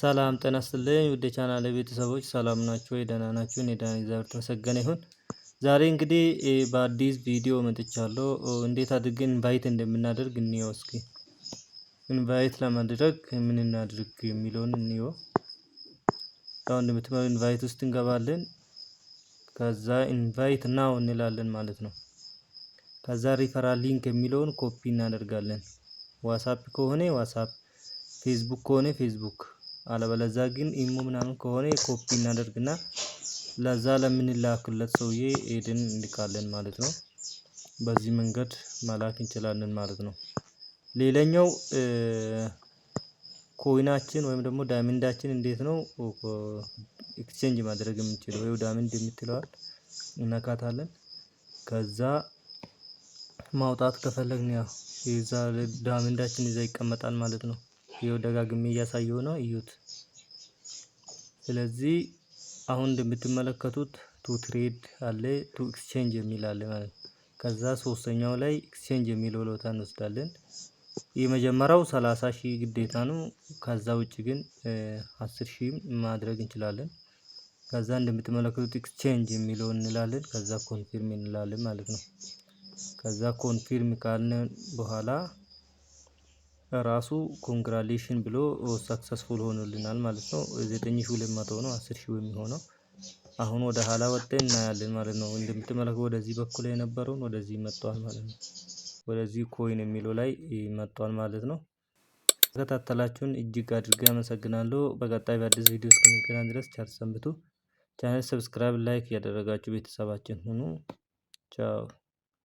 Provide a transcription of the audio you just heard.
ሰላም ጤና ይስጥልኝ ውድ የቻናሌ ቤተሰቦች ሰላም ናችሁ ወይ? ደህና ናችሁ? እኔ ደህና እግዚአብሔር የተመሰገነ ይሁን። ዛሬ እንግዲህ በአዲስ ቪዲዮ መጥቻለሁ። እንዴት አድርገን ኢንቫይት እንደምናደርግ እንየው እስኪ። ኢንቫይት ለማድረግ ምን እናድርግ የሚለውን እንየው። ያው እንደምትመሩ ኢንቫይት ውስጥ እንገባለን። ከዛ ኢንቫይት ናው እንላለን ማለት ነው። ከዛ ሪፈራል ሊንክ የሚለውን ኮፒ እናደርጋለን። ዋትስአፕ ከሆነ ዋትስአፕ፣ ፌስቡክ ከሆነ ፌስቡክ አለበለዛ ግን ኢሞ ምናምን ከሆነ ኮፒ እናደርግና ለዛ ለምንላክለት ሰውዬ ኤድን እንልካለን ማለት ነው። በዚህ መንገድ መላክ እንችላለን ማለት ነው። ሌላኛው ኮይናችን ወይም ደግሞ ዳይመንዳችን እንዴት ነው ኤክስቼንጅ ማድረግ የምንችለው? ወይ ዳይመንድ የምትለዋል እናካታለን። ከዛ ማውጣት ከፈለግን ያው ዳይመንዳችን ይዛ ይቀመጣል ማለት ነው። ይኸው ደጋግሜ እያሳየው ነው፣ እዩት። ስለዚህ አሁን እንደምትመለከቱት ቱ ትሬድ አለ፣ ቱ ኤክስቼንጅ የሚል አለ ማለት ነው። ከዛ ሶስተኛው ላይ ኤክስቼንጅ የሚለው ቦታ እንወስዳለን። የመጀመሪያው ሰላሳ ሺህ ግዴታ ነው። ከዛ ውጭ ግን አስር ሺህም ማድረግ እንችላለን። ከዛ እንደምትመለከቱት ኤክስቼንጅ የሚለው እንላለን። ከዛ ኮንፊርም እንላለን ማለት ነው። ከዛ ኮንፊርም ካልን በኋላ ራሱ ኮንግራሌሽን ብሎ ሰክሰስፉል ሆኖልናል ማለት ነው። ዘጠኝ ሺ ሁለት መቶ ነው አስር ሺው የሚሆነው አሁን ወደ ኋላ ወጣ እናያለን ማለት ነው። እንደምትመለከው ወደዚህ በኩል የነበረውን ወደዚህ መጥቷል ማለት ነው። ወደዚህ ኮይን የሚለው ላይ መጥቷል ማለት ነው። ተከታተላችሁን እጅግ አድርጌ አመሰግናለሁ። በቀጣይ በአዲስ ቪዲዮ እስከምንገናኝ ድረስ ቸር ሰንብቱ። ቻናል ሰብስክራይብ፣ ላይክ ያደረጋችሁ ቤተሰባችን ሁኑ። ቻው